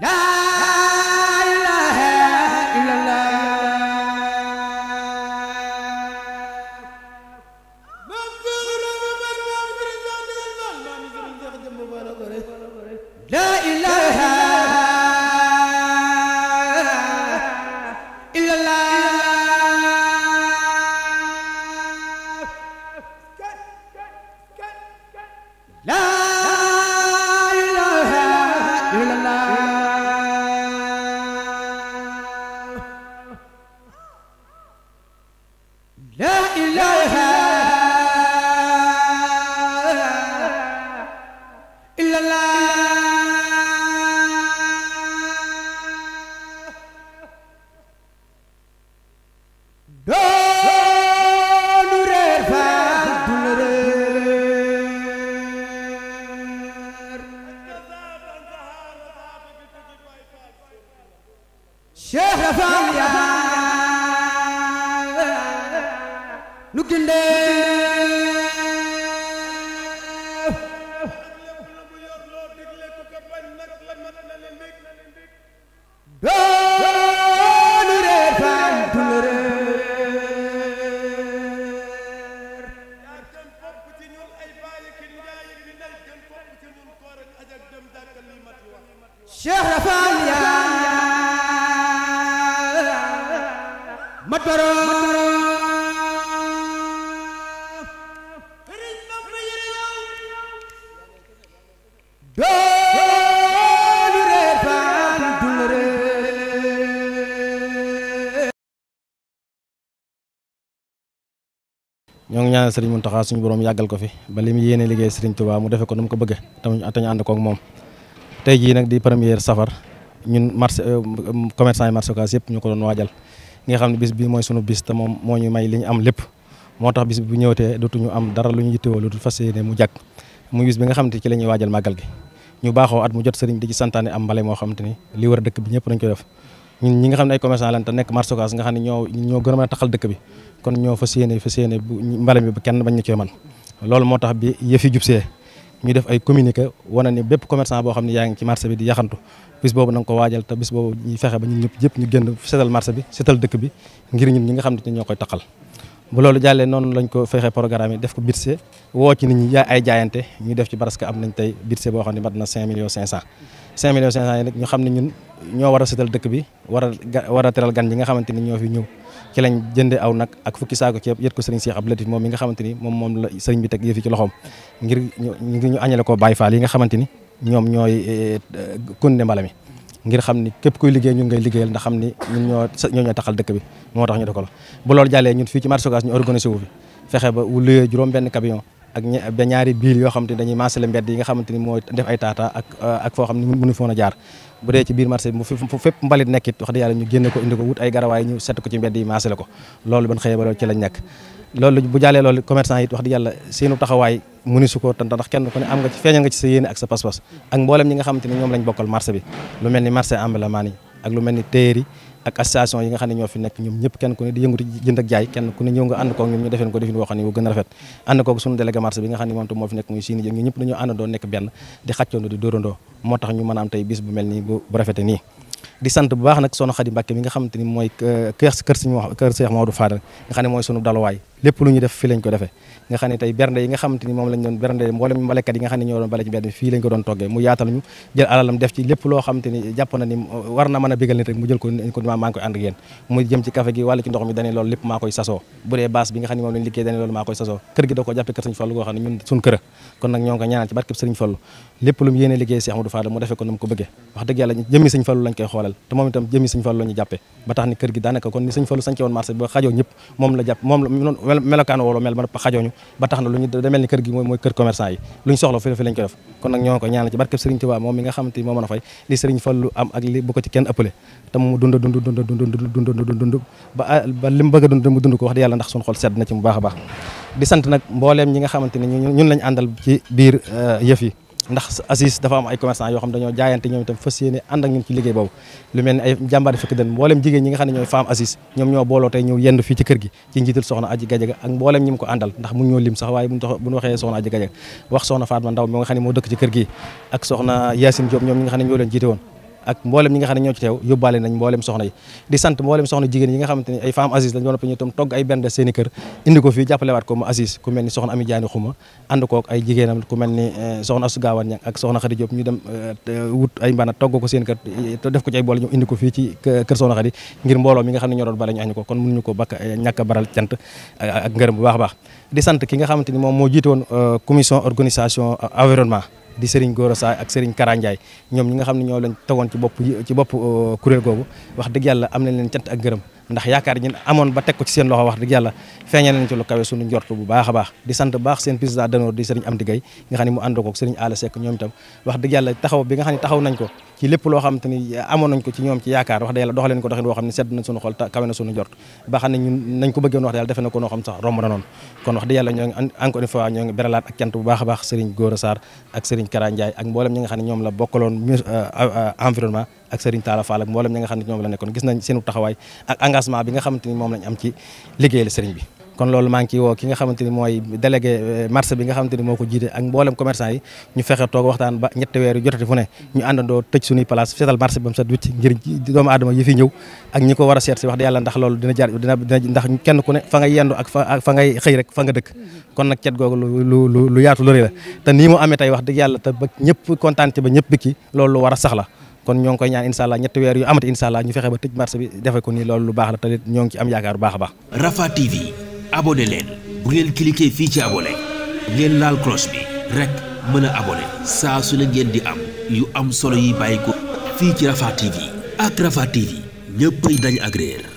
la Cheikh Rafaal yaa nu gindee ñoo ngi ñaanal Serigne Mountakha suñu borom yàggal ko fi ba li mu yéene liggéey Serigne Touba mu defee ko nu mu ko bëgge te ñu ànd koog moom tey jii nag di première safar ñun marché euh, commerçant yi marché Ocass yëpp ñu ko doon waajal ñi nga xam ne bis bi mooy sunu bis te moom moo ñu may li am lépp moo tax bis bi bu ñëwatee dootuñu am dara lu ñu yittewoo lu dul fas yéene mu jàkk muy bis bi nga xam te ci am nekk marché nga xam ne ñoo gën a mën a taxal dëkk bi kon ñoo fas yéene fas yéene mbale mi kenn bañ ñu man loolu moo tax bi yëf jubsee ñu def ay communiqué wane ne bépp commerçant boo xam ne yaa ngi ci marché bi di yaxantu bis boobu na ko waajal te bis boobu ñuy fexe ba ñun ñëpp yëpp ñu génn setal marché bi setal dëkk bi ngir ñun nga xam ne ñoo koy taqal bu loolu jàllee noonu lañ ko fexe programme def ko budget woo ci nit ñi ay jaayante ñu def ci parce que am nañ tey budget boo xam ne mat na 5 millions 500 cinq millions cinq cent yi nag ñu xam ne ñun ñoo war a setal dëkk bi war a war a teral gan yi nga xamante ni ñoo fi ñëw ci lañ jënde aw nag ak fukki saako ceeb yët ko sëriñ Cheikh Abdou Latif moom mi nga xamante ni moom moom la sëriñ bi teg yëfi ci loxoom ngir ñu añale ko Baye Fall yi nga xamante ni ñoom ñooy eh, kunde mbala mi ngir xam ni képp kuy liggéey ñun ngay liggéeyal ndax xam ni ñun ñoo ñoo ñoo taxal dëkk bi moo tax ñu def ko la bu loolu jàllee ñun fii ci marché Ocass ñu organisé wu fi fexe ba luyee juróom benn camion ak ñaari biir yoo xam te dañuy maasale mbedd yi nga xamante ni moo def ay taata euh, ak foo xam ne mënu foon a jaar bu dee ci biir marché bi fu fépp mbalit nekkit wax dëgg yàlla ñu génne ko indi wut ay garawaay ñu set ko ci mbedd yi ko loolu ba loolu ci lañ nekk loolu bu jàllee yàlla seenu taxawaay muni ko tanta ndax kenn ku ne am nga ci feeñal nga ci sa yéene ak sa pas-pas ak mboolem ñi nga xamante ni ñoom lañ bokkal marché bi lu mel ni marché ambulant ak association yi nga xam ne ñoo fi nekk ñoom ñëpp kenn ku ne di yënguti jënd ak jaay kenn ku ne ñëw nga ànd koog ñoom ñu defeen ko defin woo xam ne wu gën a rafet ànd koog suñu délégué bi nga xam ne moom a am tey bis bu mel nii bu rafete nii di sant bu baax nag sonu Xadi Mbàkke mi nga xam ne mooy sunu daluwaay lépp lu ñu def fii ko defee nga xam ne tey bernde yi nga xamante ni moom lañ doon bernde mboolem balekat yi nga xam ne ñoo doon bale ci mbedd ko doon toggee mu yaatal ñu jël alalam def ci lépp loo mu jël ko ko maa ngi mu jëm ci café gi wala ci ndox mi dane moom lañ liggéey dane Fallu goo xam ne ñun suñ kër kon nag Fallu lépp lu mu yéene liggéey Cheikh jëmmi sëñ Fallu lañ koy xoolal te moom itam jëmmi sëñ Fallu lañu jàppe ba la melokaan wala mel ba xajooñu ba tax na lu ñu demel ni kër gi mooy kër commerçant yi lu soxla fi fi lañ ko kon nag ñoo ko ñaanal moom mi nga ni moo mën a fay li Serigne am ak li bu kenn ëppale te mu dund ba ba li mu bëgg ko wax di ndax suñu xol sedd na ci mu baax baax di nag mbooleem ñi nga xamante ñun lañ àndal ci biir euh, yëf ndax Aziz dafa am ay commerçant yoo xam dañoo jaayante ñoom itam fas yéene ànd ak ñun ci liggéey boobu lu mel ni fekk den mboolem jigéen ñi nga xam ñooy femme Aziz ñoom ñoo booloo tey ñëw fii ci kër gi ci njiital soxna Aji Gajaga ak mboolem ñi ko àndal ndax mun ñoo sax waaye buñ waxee soxna Aji Gajaga wax soxna Fatma Ndaw moo dëkk ci kër gi ak soxna Yacine Diop ñoom ñi nga woon ak mboolem ñi nga xam ne ñoo ci teew yóbbaale nañ mboolem soxna yi di sant mboolem soxna jigéen yi nga xamante ne ay femme Aziz lañ doon ñu itam togg ay benn seeni kër indi ko fii jàppalewaat ko mu Aziz ku mel soxna Ami Diagne Xuma ànd kook ay jigéenam ku mel ni eh, soxna Asu ak soxna Xadi Diop ñu dem eh, wut ay mbana togg ko seen kër eh, def ko ci ay boole ñu indi ko fii ci kër soxna Xadi ngir mbooloo mi nga xam ne ñoo doon bale ñu añu ko kon mënuñu ko bakk ñàkk a baral cant ak ngërëm baax baax di sant ki nga xamante ni moom moo jiite woon commission organisation di Serigne Gora Saay ak Serigne Kara Ndiaye ñoom ñi nga xam ne ñoo lañ tegoon ci bopp ci bopp euh, kuréel googu wax dëgg yàlla am nañ leen cant ak gërëm ndax yaakaar ñin amoon ba teg ko ci seen loxo wax dëgg yàlla feeñal nañ ci kawe suñu njort bu baax a baax di sant baax seen président d'honneur di sëriñ Amdi Gaye nga xam mu àndoo ko sëriñ Ala ñoom ci lépp wax dëgg yàlla doxaleen noonu kon wax dëgg yàlla ñoo ngi encore une fois ñoo ngi beralaat ak cant bu baax baax sëriñ Gora Sarr ak sëriñ Kara Ndiaye ak mboolem ñi nga xam ñoom la bokkaloon euh, euh, environnement ak Serigne Talla Fall ak mboolem ñi nga xam ne ñoom la nekkoon gis nañ seenu taxawaay ak engagement bi lañ am ci liggéeyal Serigne bi kon loolu maa ngi ciy ki nga xamante mooy délégué euh, marché bi nga xamante moo ko jiite ak mboolem commerçant yi ñu fexe toog waxtaan ba ñetti weer yu jotati fu ne ñu àndandoo tëj suñuy place seetal marché bi ba mu set doomu aadama yi fi ñëw ak ñi ko war a seet si wax dëgg yàlla ndax loolu dina jaar dina dina ndax kenn ku ne fa nga yendu ak fa fa ngay xëy rek fa nga dëkk kon nag cet googu amee tey wax dëgg yàlla te ba ñëpp kontaan ci ba ñëpp bikki loolu a la kon ñoo ngi koy ñaan incha allah ñetti weer yu amati incha ñu fexe ba tëj marché bi defe ko nii loolu lu baax la te ñoo ngi ci am yaakaar bu baax a baax. Rafah TV abonné leen bu ngeen cliquer fii ci abonné ngeen laal cloche bi rek mën a abonné saa su ne ngeen di am yu am solo yi bàyyi ko fii ci Rafah TV ak Rafah TV ñëppay dañ agréer